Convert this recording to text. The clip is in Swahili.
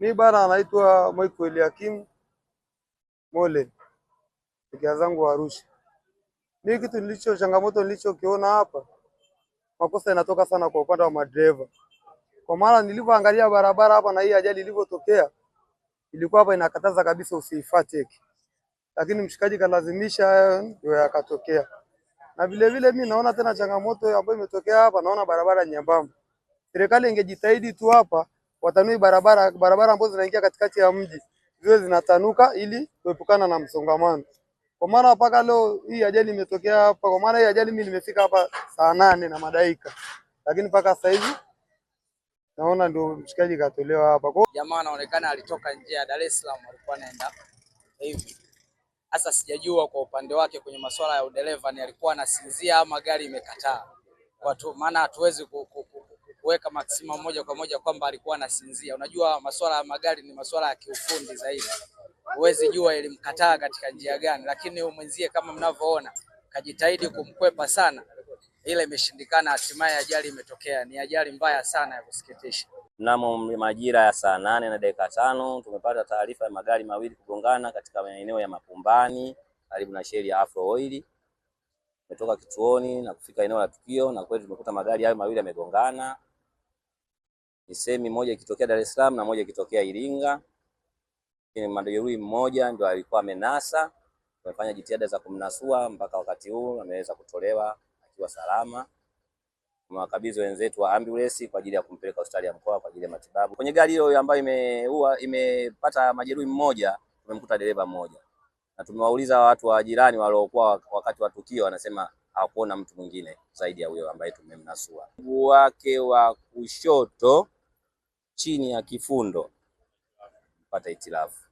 Mi bana anaitwa Moiko Eliakim Mole, kijana zangu Arusha. Mi kitu nilicho changamoto nilichokiona hapa, makosa yanatoka sana kwa upande wa madereva, kwa maana nilivyoangalia barabara hapa na hii ajali ilivyotokea, ilikuwa hapa inakataza kabisa usiifuate hiki, lakini mshikaji kalazimisha, ndio yakatokea. Na vilevile mi naona tena changamoto ambayo imetokea hapa, naona barabara nyembamba. Serikali ingejitahidi tu hapa watamii barabara barabara ambazo zinaingia katikati ya mji ziwe zinatanuka ili kuepukana na msongamano. Kwa maana mpaka leo hii ajali imetokea hapa, kwa maana hii ajali mimi nimefika hapa saa nane na madaika, lakini mpaka sasa hivi naona ndio mshikaji katolewa hapa. Kwa jamaa anaonekana alitoka nje ya Dar es Salaam, alikuwa anaenda hivi sasa. Sijajua kwa upande wake kwenye masuala ya udereva ni alikuwa anasinzia ama gari imekataa, kwa maana hatuwezi ku kuweka maximum moja kwa moja kwamba alikuwa anasinzia. Unajua masuala ya magari ni masuala ya kiufundi zaidi, huwezi jua ilimkataa katika njia gani, lakini umwenzie kama mnavyoona kajitahidi kumkwepa sana, ile imeshindikana. Hatimaye ajali imetokea, ni ajali mbaya sana ya kusikitisha. Mnamo majira ya saa nane na dakika tano tumepata taarifa ya magari mawili kugongana katika maeneo ya Mapumbani karibu na sheli ya Afro Oil. Tumetoka kituoni na kufika eneo la tukio na kweli tumekuta magari hayo mawili yamegongana ni sehemu moja ikitokea Dar es Salaam na moja ikitokea Iringa. Majeruhi mmoja ndio alikuwa amenasa, amefanya jitihada za kumnasua mpaka wakati huu ameweza kutolewa akiwa salama. Tumewakabidhi wenzetu wa ambulance kwa ajili ya kumpeleka hospitali ya mkoa kwa ajili ya matibabu. Kwenye gari hiyo ambayo imeua imepata majeruhi mmoja, tumemkuta dereva mmoja, na tumewauliza watu wa jirani waliokuwa wakati wa tukio, wanasema hawakuona mtu mwingine zaidi ya huyo ambaye tumemnasua. Wake wa kushoto chini ya kifundo pata itilafu.